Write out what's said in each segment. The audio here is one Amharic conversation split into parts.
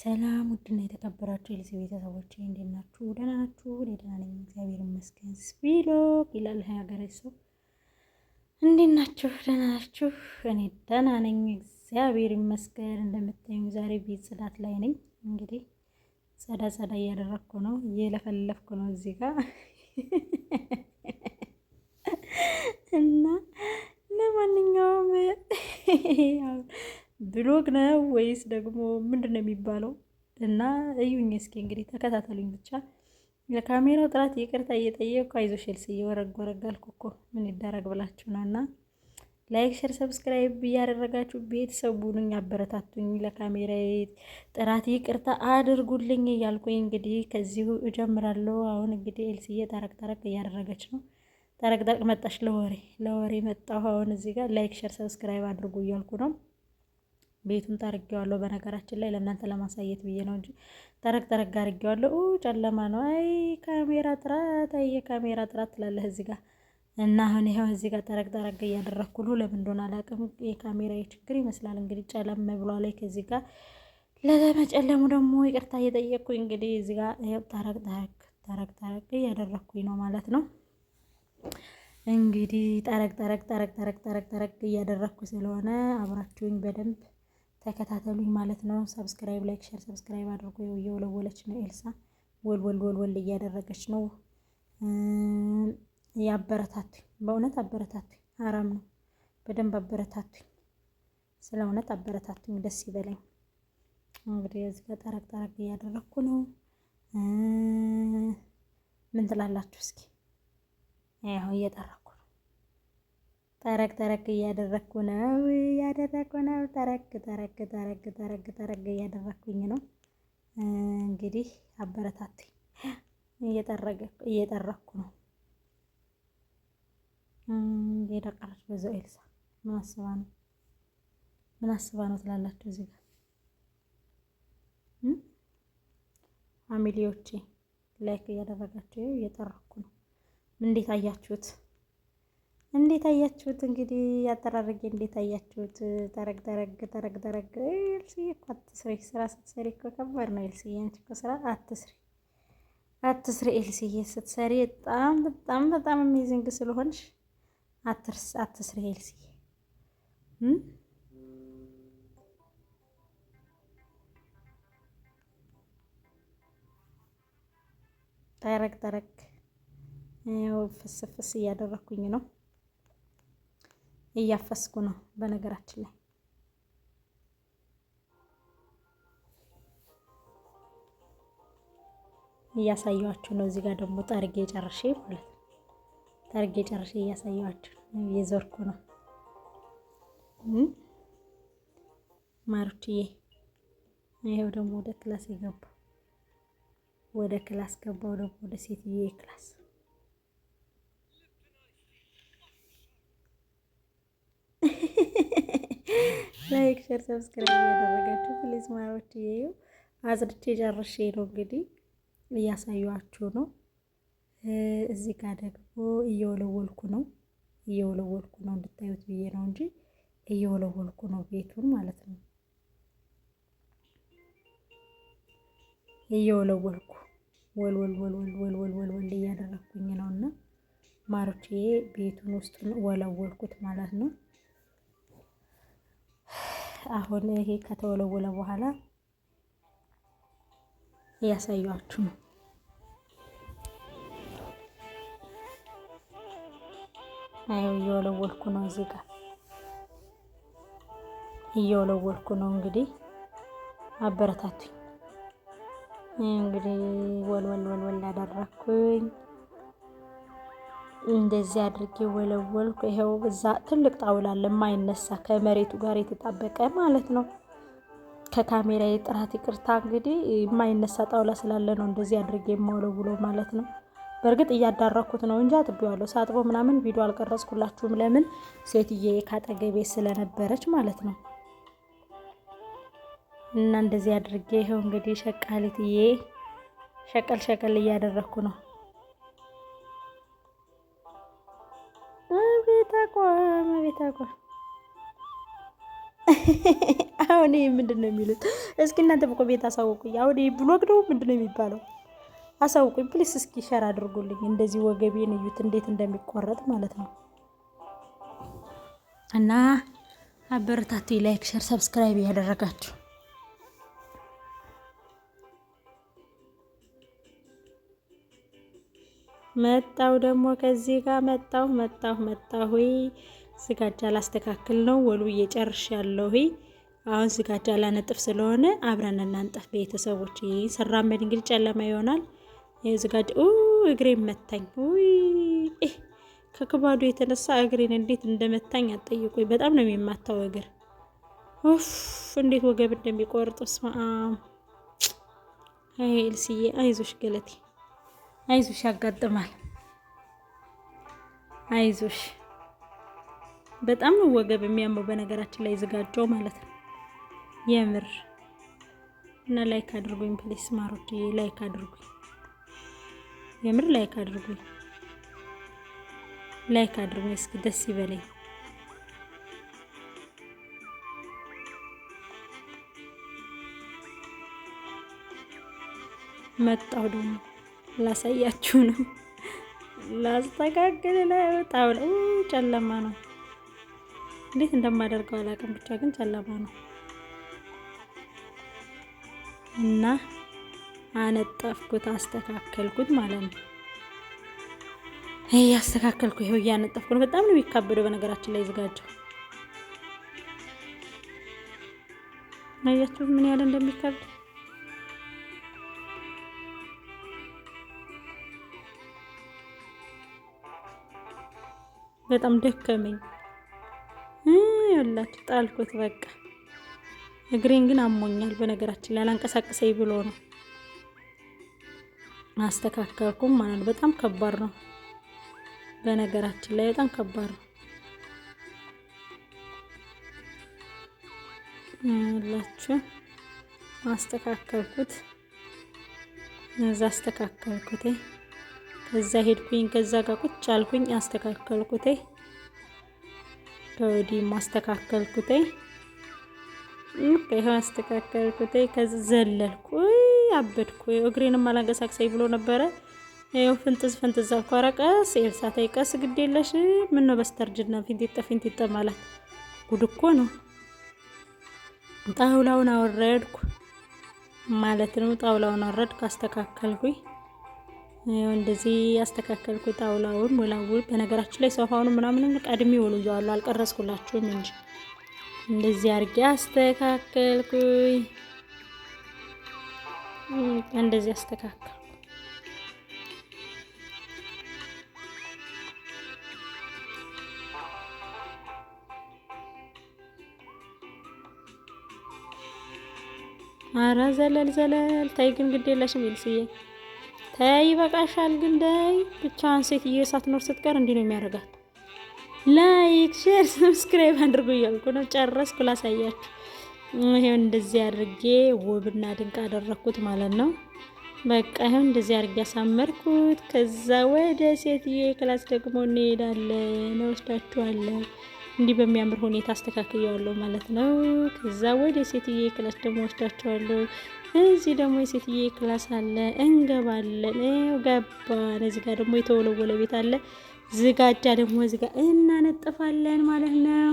ሰላም ውድና የተከበራችሁ የልጅ ቤተሰቦች እንዴት ናችሁ? ደህና ናችሁ? እኔ ደህና ነኝ፣ እግዚአብሔር ይመስገን። ቪሎግ ይላል ሀገሬ ሰው እንዴት ናችሁ? ደህና ናችሁ? እኔ ደህና ነኝ፣ እግዚአብሔር ይመስገን። እንደምታዩኝ ዛሬ ቤት ጽዳት ላይ ነኝ። እንግዲህ ጸዳ ጸዳ እያደረግኩ ነው፣ እየለፈለፍኩ ነው እዚህ ጋር እና ለማንኛውም ብሎግ ነው ወይስ ደግሞ ምንድን ነው የሚባለው? እና እዩኝ እስኪ እንግዲህ ተከታተሉኝ ብቻ። ለካሜራው ጥራት ይቅርታ እየጠየቅኩ አይዞሽ ኤልስ እየወረግ ወረግ አልኩ እኮ ምን ይደረግ ብላችሁ ነው። እና ላይክ፣ ሸር፣ ሰብስክራይብ እያደረጋችሁ ቤተሰቡን አበረታቱኝ። ለካሜራ ጥራት ይቅርታ አድርጉልኝ እያልኩኝ እንግዲህ ከዚሁ እጀምራለሁ። አሁን እንግዲህ ኤልስዬ ጠረቅ ጠረቅ እያደረገች ነው። ጠረቅ ጠረቅ መጣሽ፣ ለወሬ ለወሬ መጣሁ። አሁን እዚህ ጋር ላይክ፣ ሸር፣ ሰብስክራይብ አድርጉ እያልኩ ነው። ቤቱን ጠርጌዋለሁ። በነገራችን ላይ ለእናንተ ለማሳየት ብዬ ነው እንጂ ጠረግ ጠረግ አርጌዋለሁ። ጨለማ ነው። አይ ካሜራ ጥራት፣ አይ የካሜራ ጥራት ትላለህ እዚህ ጋር እና አሁን ይኸው እዚህ ጋር ጠረቅ ጠረቅ እያደረግኩሉ ለምን እንደሆነ አላውቅም። የካሜራ ችግር ይመስላል እንግዲህ ጨለም ብሏ ላይ ከዚህ ጋር ለመጨለሙ ደግሞ ይቅርታ እየጠየቅኩኝ እንግዲህ እዚህ ጋር ይኸው ጠረቅ ጠረቅ ጠረቅ ጠረቅ እያደረግኩኝ ነው ማለት ነው። እንግዲህ ጠረቅ ጠረቅ ጠረቅ ጠረቅ ጠረቅ ጠረቅ እያደረግኩ ስለሆነ አብራችሁኝ በደንብ ተከታተሉኝ ማለት ነው። ሰብስክራይብ፣ ላይክ፣ ሸር ሰብስክራይብ አድርጎ እየወለወለች ነው ኤልሳ ወልወል ወልወል እያደረገች ነው። ያበረታቱ በእውነት አበረታቱ አራም ነው። በደንብ አበረታቱኝ። ስለ እውነት አበረታቱኝ። ደስ ይበለኝ። እንግዲህ እዚህ ጋር ጠረቅ ጠረቅ እያደረግኩ ነው። ምን ትላላችሁ እስኪ? ያው እየጠራ ተረግ ተረግ እያደረግኩ ነው እያደረግኩ ነው። ተረግ ተረግ ተረግ ተረግ ተረግ እያደረግኩኝ ነው። እንግዲህ አበረታቱኝ። እየጠረኩ ነው። እየደቀረች በዛው ኤልሳ ምን አስባ ነው ምን አስባ ነው ትላላችሁ እዚህ ጋር ፋሚሊዎቼ ላይክ እያደረጋችሁ እየጠረኩ ነው። እንዴት አያችሁት? እንዴት አያችሁት? እንግዲህ ያጠራረጌ እንዴት አያችሁት? ተረግ ተረግ ተረግ ተረግ ኤልስዬ እኮ አትስሪ። ስራ ስትሰሪ እኮ ከባድ ነው ኤልስዬ። አንቺ እኮ ስራ አትስሪ አትስሪ ኤልስዬ። ስትሰሪ በጣም በጣም በጣም አሜዚንግ ስለሆንሽ አትርስ አትስሪ ኤልስዬ። ተረግ ተረግ ያው ፍስፍስ እያደረኩኝ ነው እያፈስኩ ነው በነገራችን ላይ እያሳየዋችሁ ነው። እዚህ ጋር ደግሞ ጠርጌ ጨርሼ ማለት ነው። ጠርጌ ጨርሼ እያሳየዋችሁ ነው። እየዞርኩ ነው ማሩችዬ። ይሄው ደግሞ ወደ ክላስ የገባ ወደ ክላስ ገባው ደግሞ ወደ ሴትዬ ክላስ ላይክ ሸር ሰብስክራይብ ያደረጋችሁ ፕሊዝ ማሮች ይዩ። አዝርቼ ጨርሼ ነው እንግዲህ እያሳዩችሁ ነው። እዚህ ጋር ደግሞ እየወለወልኩ ነው እየወለወልኩ ነው እንድታዩት ብዬ ነው እንጂ እየወለወልኩ ነው ቤቱን ማለት ነው። እየወለወልኩ ወልወል እያደረኩኝ ነው እና ማሮቼ ቤቱን ውስጥ ወለወልኩት ማለት ነው። አሁን ይሄ ከተወለወለ በኋላ እያሳያችሁ ነው። አየው እየወለወልኩ ነው። እዚህ ጋር እየወለወልኩ ነው። እንግዲህ አበረታቱኝ። እንግዲህ ወልወል ወልወል አደረኩኝ። እንደዚህ አድርጌ ወለወልኩ። ይኸው እዛ ትልቅ ጣውላ ለማይነሳ ከመሬቱ ጋር የተጣበቀ ማለት ነው። ከካሜራ የጥራት ይቅርታ እንግዲህ የማይነሳ ጣውላ ስላለ ነው እንደዚህ አድርጌ የማውለውለው ማለት ነው። በእርግጥ እያዳረኩት ነው እንጂ አጥቤዋለሁ። ሳጥቦ ምናምን ቪዲዮ አልቀረጽኩላችሁም። ለምን ሴትዬ ካጠገቤ ስለነበረች ማለት ነው። እና እንደዚህ አድርጌ ይኸው እንግዲህ ሸቃሊትዬ ሸቀል ሸቀል እያደረግኩ ነው። አቋም አቤት አቋም። አሁን ይህ ምንድን ነው የሚሉት? እስኪ እናንተ በኮሜንት አሳውቁኝ። አሁን ይህ ብሎግ ነው ምንድን ነው የሚባለው? አሳውቁኝ ፕሊስ። እስኪ ሸር አድርጉልኝ። እንደዚህ ወገቤን እዩት እንዴት እንደሚቆረጥ ማለት ነው። እና አበረታቱ። ላይክ፣ ሸር፣ ሰብስክራይብ ያደረጋችሁ መጣው ደግሞ ከዚህ ጋር መጣው መጣው መጣሁ። ስጋጃ ላስተካክል ነው ወሉ እየጨርሽ ያለሁ አሁን ስጋጃ ላነጥፍ ስለሆነ አብረን እናንጠፍ ቤተሰቦች። ስራመድ እንግዲህ ጨለማ ይሆናል። ስጋጃ እግሬን መታኝ። ከክባዱ የተነሳ እግሬን እንዴት እንደመታኝ አጠይቁ። በጣም ነው የሚማታው እግር። እንዴት ወገብ እንደሚቆርጥ ስማ። አይ ኤልስዬ አይዞሽ ገለቴ አይዞሽ፣ ያጋጥማል። አይዞሽ። በጣም ነው ወገብ የሚያመው በነገራችን ላይ ዝጋጀው ማለት ነው የምር እና ላይክ አድርጉኝ ፕሊስ ማሮች፣ ላይክ አድርጉኝ፣ የምር ላይክ አድርጉኝ፣ ላይክ አድርጉኝ። እስኪ ደስ ይበለኝ። መጣው ደግሞ ላሳያችሁ ነው። ላስተካክል ነው። ጣውላ ጨለማ ነው። እንዴት እንደማደርገው አላውቅም፣ ብቻ ግን ጨለማ ነው እና አነጠፍኩት፣ አስተካከልኩት ማለት ነው። አስተካከልኩ ይኸው እያነጠፍኩ ነው። በጣም ነው የሚካበደው በነገራችን ላይ ዝጋጀው አያችሁ ምን ያህል እንደሚከብድ በጣም ደከመኝ ያላችሁ ጣልኩት። በቃ እግሬን ግን አሞኛል። በነገራችን ላይ አላንቀሳቀሰኝ ብሎ ነው ማስተካከልኩም ማለት በጣም ከባድ ነው። በነገራችን ላይ በጣም ከባድ ነው ያላችሁ ማስተካከልኩት እዛ አስተካከልኩት። ከዛ ሄድኩኝ፣ ከዛ ጋር ቁጭ አልኩኝ፣ አስተካከልኩት፣ ከወዲህ ማስተካከልኩት፣ ይኸው አስተካከልኩት፣ ከዚ ዘለልኩ፣ አበድኩ። እግሬንም አላንቀሳቅሰኝ ብሎ ነበረ። ይኸው ፍንጥዝ ፍንጥዝ አልኩ። ኧረ ቀስ ኤልሳታይ ቀስ፣ ግድ የለሽ ምን ነው በስተርጅና ፊንቲጠ ፊንቲጠ ማለት ጉድ እኮ ነው። ጣውላውን አወረድኩ ማለት ነው። ጣውላውን አወረድኩ፣ አስተካከልኩኝ። እንደዚህ ያስተካከልኩት ጣውላውን ወላውል። በነገራችን ላይ ሶፋውን ምናምን ቀድሜ ወልዋለሁ፣ አልቀረስኩላችሁም እንጂ እንደዚህ አርጌ አስተካከልኩኝ። እንደዚህ አስተካከል ኧረ ዘለል ዘለል ታይ ግን ግድ የለሽም ይልስዬ ተይ ይበቃሻል። ግን ደይ ብቻዋን ሴትዮ ሳትኖር ስትቀር እንዲህ ነው የሚያደርጋት። ላይክ፣ ሼር፣ ሰብስክራይብ አድርጉ እያልኩ ነው። ጨረስኩ ላሳያችሁ። ይሄው እንደዚህ አድርጌ ውብና ድንቅ አደረግኩት ማለት ነው። በቃ ይሄው እንደዚህ አድርጌ ያሳመርኩት። ከዛ ወደ ሴትዮ ክላስ ደግሞ እንሄዳለን፣ እወስዳችኋለሁ። እንዲህ በሚያምር ሁኔታ አስተካክየዋለሁ ማለት ነው። ከዛ ወደ ሴትዮ ክላስ ደግሞ እወስዳችኋለሁ። እዚህ ደግሞ የሴትዬ ክላስ አለ። እንገባለን። ይኸው ገባን። እዚህ ጋር ደግሞ የተወለወለ ቤት አለ። ዝጋጃ ደግሞ እዚህ ጋር እናነጥፋለን ማለት ነው።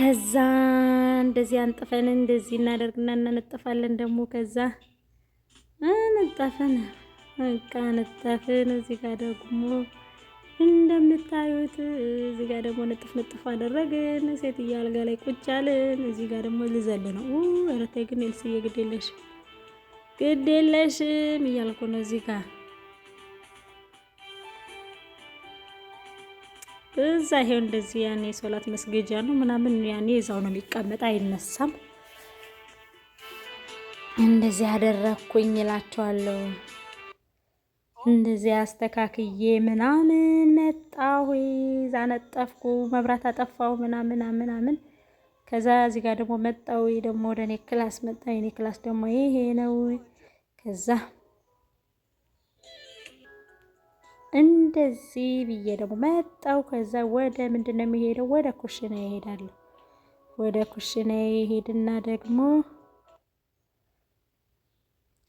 ከዛ እንደዚህ አንጥፈን እንደዚህ እናደርግና እናነጥፋለን። ደግሞ ከዛ አነጠፍን፣ በቃ አነጠፍን። እዚህ ጋር ደግሞ እንደምታዩት እዚህ ጋር ደግሞ ንጥፍ ንጥፍ አደረግን። ሴትዬ አልጋ ላይ ቁጭ አልን። እዚህ ጋር ደግሞ ልዘል ነው። ኧረ ተይ ግን ኤልስዬ ግድ የለሽ ግድ የለሽም እያልኩ ነው። እዚህ ጋር እዛ ይሄው እንደዚህ ያኔ የሶላት መስገጃ ነው ምናምን ያኔ እዛው ነው የሚቀመጥ አይነሳም። እንደዚህ አደረግኩኝ እላቸዋለሁ። እንደዚህ አስተካክዬ ምናምን መጣሁ፣ ዛነጠፍኩ፣ መብራት አጠፋሁ፣ ምናምን ምናምን። ከዛ እዚህ ጋር ደግሞ መጣሁ፣ ደግሞ ወደ እኔ ክላስ መጣ። የኔ ክላስ ደግሞ ይሄ ነው። ከዛ እንደዚህ ብዬ ደግሞ መጣሁ። ከዛ ወደ ምንድን ነው የሚሄደው? ወደ ኩሽና ይሄዳለሁ። ወደ ኩሽና ይሄድና ደግሞ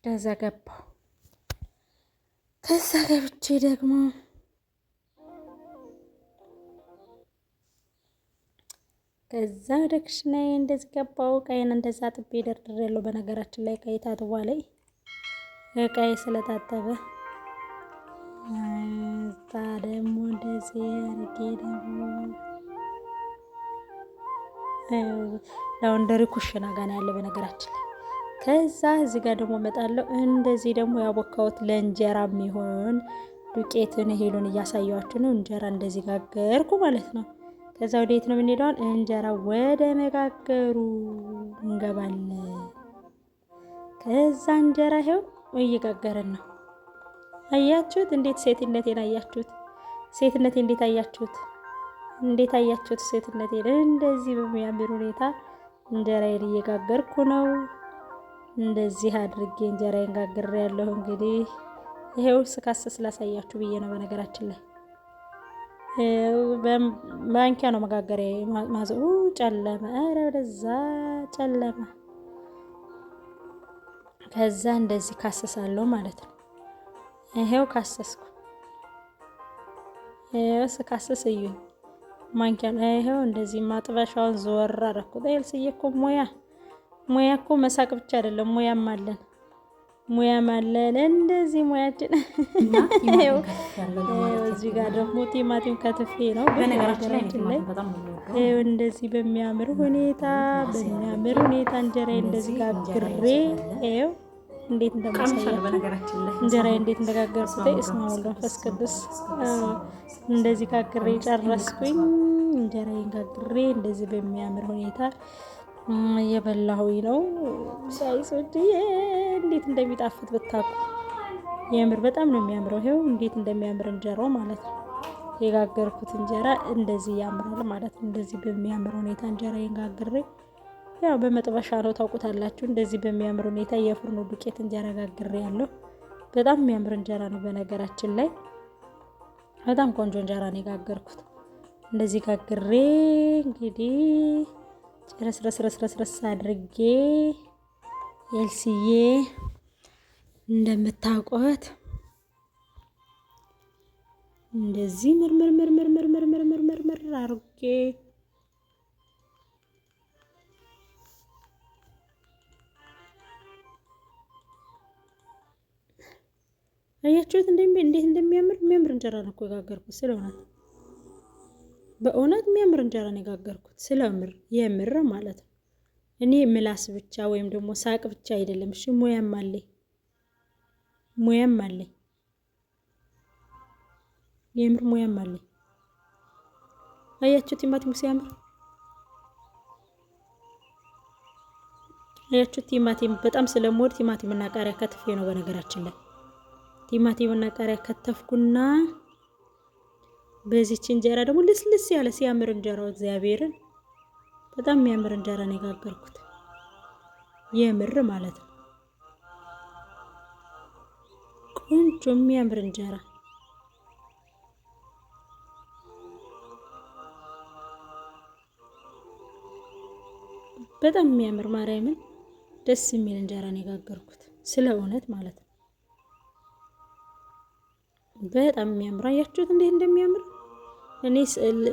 ከዛ ገባሁ ከዛ ገብቼ ደግሞ ከዛ ወደ ክሽናዬ እንደዚህ ገባው። ቀይን እንደዛ አጥቤ ደርድር ያለው በነገራችን ላይ ቀይ ታጥቧ ላይ ቀይ ስለታጠበ እዛ ደግሞ እንደዚህ አርጌ ደግሞ ላውንደሪ ኩሽና ጋና ያለ በነገራችን ላይ ከዛ እዚህ ጋር ደግሞ መጣለው እንደዚህ ደግሞ ያቦካሁት ለእንጀራ የሚሆን ዱቄትን ሄሉን እያሳየኋችሁ ነው። እንጀራ እንደዚህ ጋገርኩ ማለት ነው። ከዛ ወደት ነው የምንሄደውን? እንጀራ ወደ መጋገሩ እንገባለን። ከዛ እንጀራ ሄው እየጋገረን ነው። አያችሁት? እንዴት ሴትነቴን አያችሁት? ሴትነቴ እንዴት አያችሁት? እንዴት አያችሁት? ሴትነቴን እንደዚህ በሚያምር ሁኔታ እንጀራዬን እየጋገርኩ ነው። እንደዚህ አድርጌ እንጀራ ጋግሬ ያለሁ። እንግዲህ ይሄው ስካስ ስላሳያችሁ ብዬ ነው። በነገራችን ላይ ማንኪያ ነው መጋገሪያ ማዘ ጨለመ፣ ኧረ ወደዛ ጨለመ። ከዛ እንደዚህ ካሰሳለሁ ማለት ነው። ይሄው ካሰስኩ፣ ይሄው ስካሰስ እዩ። ማንኪያ ነው ይሄው። እንደዚህ ማጥበሻውን ዘወር አደረኩት። ይልስዬ እኮ ሙያ ሙያ እኮ መሳቅ ብቻ አይደለም፣ ሙያም አለን ሙያም አለን። እንደዚህ ሙያችን እዚህ ጋር ደግሞ ቲማቲም ከትፌ ነው። በነገራችን ላይ እንደዚህ በሚያምር ሁኔታ በሚያምር ሁኔታ እንጀራ እንደዚህ ጋግሬ ው እንዴት እንደማሳያችሁ እንጀራ እንዴት እንደጋገርኩት እስማ መንፈስ ቅዱስ እንደዚህ ጋግሬ ጨረስኩኝ። እንጀራዬን ጋግሬ እንደዚህ በሚያምር ሁኔታ እየበላሁኝ ነው ሻይ ሶድዬ። እንዴት እንደሚጣፍጥ ብታውቁ! የምር በጣም ነው የሚያምረው። ይሄው እንዴት እንደሚያምር እንጀራው ማለት ነው። የጋገርኩት እንጀራ እንደዚህ ያምራል ማለት ነው። እንደዚህ በሚያምር ሁኔታ እንጀራ የጋግሬ ያው በመጥበሻ ነው ታውቁታላችሁ። እንደዚህ በሚያምር ሁኔታ የፍርኖ ዱቄት እንጀራ ጋግሬ ያለው በጣም የሚያምር እንጀራ ነው። በነገራችን ላይ በጣም ቆንጆ እንጀራ ነው የጋገርኩት። እንደዚህ ጋግሬ እንግዲህ ጭረስረስረስረስ አድርጌ ኤልስዬ እንደምታውቋት እንደዚህ ምርምር ምርምር ምርምር ምርምር ምርምር አድርጌ አያችሁት? እንዴት እንደሚያምር የሚያምር እንጀራ ነው እኮ የጋገርኩት ስለሆነ በእውነት የሚያምር እንጀራ ነው የጋገርኩት። ስለምር የምር ማለት ነው። እኔ ምላስ ብቻ ወይም ደግሞ ሳቅ ብቻ አይደለም። እሺ ሙያም አለኝ ሙያም አለኝ የምር ሙያም አለኝ። አያችሁ ቲማቲሙ ሲያምር አያችሁ። ቲማቲም በጣም ስለምወድ ቲማቲምና ቃሪያ ከትፌ ነው። በነገራችን ላይ ቲማቲምና ቃሪያ ከተፍኩና በዚች እንጀራ ደግሞ ልስልስ ያለ ሲያምር እንጀራው እግዚአብሔርን በጣም የሚያምር እንጀራ ነው የጋገርኩት፣ የምር ማለት ነው። ቆንጆ የሚያምር እንጀራ በጣም የሚያምር ማርያምን ደስ የሚል እንጀራ ነው የጋገርኩት፣ ስለ እውነት ማለት ነው። በጣም የሚያምር አያችሁት እንዴት እንደሚያምር እኔ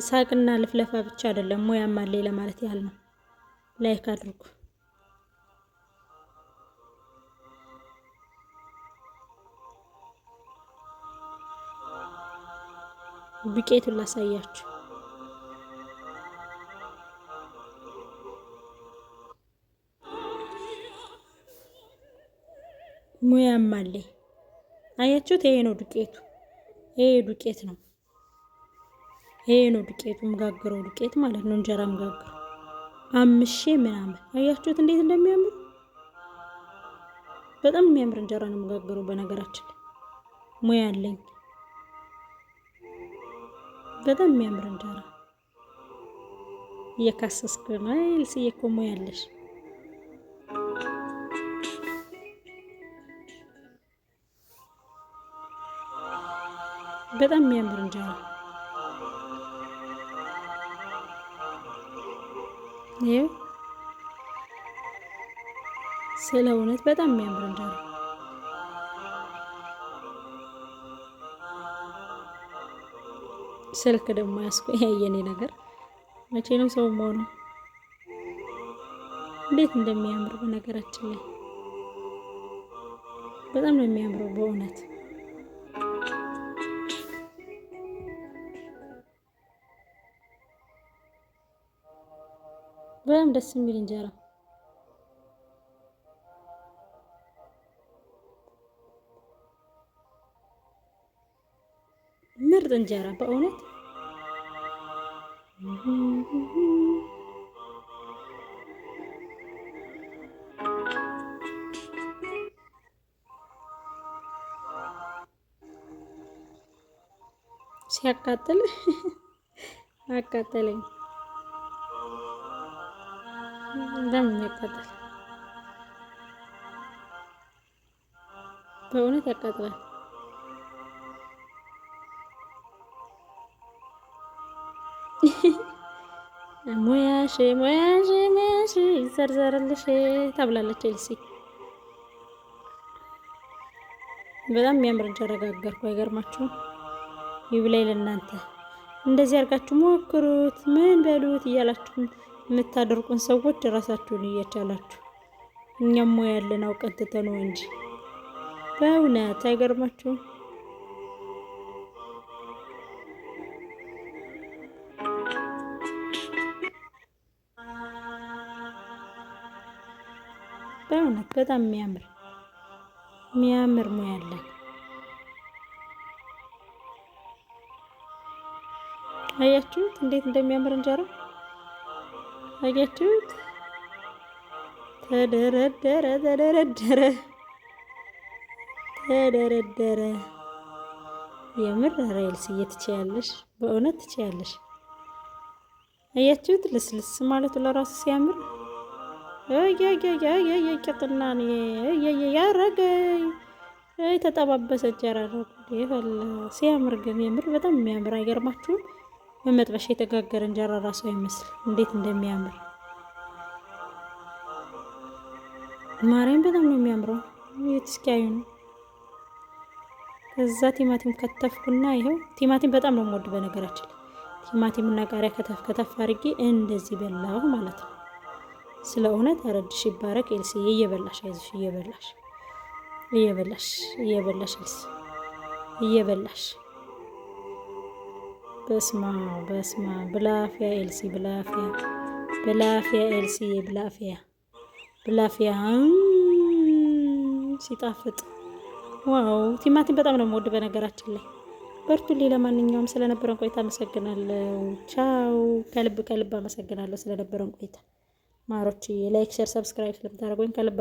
ሳቅና ልፍለፋ ብቻ አይደለም ሙያም አለኝ ለማለት ያህል ነው። ላይክ አድርጉ። ዱቄቱን ላሳያችሁ። ሙያም አለኝ አያችሁት? ይሄ ነው ዱቄቱ። ይሄ ዱቄት ነው። ይሄ ነው ዱቄቱ፣ ምጋግረው ዱቄት ማለት ነው። እንጀራ ምጋግረው አምሼ ምናምን አያችሁት እንዴት እንደሚያምር በጣም የሚያምር እንጀራ ነው ምጋገረው በነገራችን ላይ ሙያ አለኝ። በጣም የሚያምር እንጀራ እየካሰስክ በማይልስ እየኮ ሙያ አለሽ። በጣም የሚያምር እንጀራ ስለ እውነት በጣም የሚያምር እንጀራ ስልክ ደግሞ ያስቆ ያየኔ ነገር መቼ ነው ሰው መሆኑ? እንዴት እንደሚያምር በነገራችን ላይ በጣም ነው የሚያምረው በእውነት። በጣም ደስ የሚል እንጀራ ምርጥ እንጀራ በእውነት ሲያቃጥል አቃጠለኝ። ለምን ያቃጥላል? በእውነት ያቃጥላል። ሙያሽ ሙያሽ ሙያሽ ይዘርዘርልሽ ተብላለች። ኤልሲ። በጣም የሚያምር እንጀራ ጋገርኩ፣ አይገርማችሁም? ይብላኝ ለእናንተ። እንደዚህ አድርጋችሁ ሞክሩት፣ ምን በሉት እያላችሁ የምታደርጉን ሰዎች ራሳችሁን እየቻላችሁ እኛም ሞ ያለን አውቀን ነው እንጂ በእውነት አይገርማችሁም? በእውነት በጣም የሚያምር የሚያምር ሙያ አለን። አያችሁት እንዴት እንደሚያምር እንጀራ አያችሁት? ተደረደረ ተደረደረ ተደረደረ። የምር ራይልስዬ ትችያለሽ፣ በእውነት ትችያለሽ። አያችሁት? ልስልስ ማለቱ ለራሱ ሲያምር ቂጥና ያረገኝ የተጠባበሰ ጀራረ ሲያምር ግን የምር በጣም የሚያምር አይገርማችሁም? በመጥበሻ የተጋገረ እንጀራ ራሱ አይመስል እንዴት እንደሚያምር ማርያም በጣም ነው የሚያምረው። እስኪያዩ ነው። ከዛ ቲማቲም ከተፍኩና ይኸው ቲማቲም በጣም ነው የምወድ። በነገራችን ቲማቲም እና ቃሪያ ከተፍ ከተፍ አድርጌ እንደዚህ በላሁ ማለት ነው። ስለ እውነት አረድሽ ይባረክ ኤልሲ፣ እየበላሽ አይዞሽ፣ እየበላሽ እየበላሽ እየበላሽ ኤልሲ፣ እየበላሽ በስማ በስማ ብላፊያ ኤልሲ ብላፊያ ብላፊያ ኤልሲ ብላፊያ ብላፊያ ሲጣፍጥ ዋው! ቲማቲም በጣም ነው የምወድ በነገራችን ላይ በርቱልኝ። ለማንኛውም ስለነበረን ቆይታ አመሰግናለሁ። ቻው። ከልብ ከልብ አመሰግናለሁ ስለነበረን ቆይታ ማሮች። ላይክ፣ ሼር፣ ሰብስክራይብ ስለምታደርጉኝ ከልብ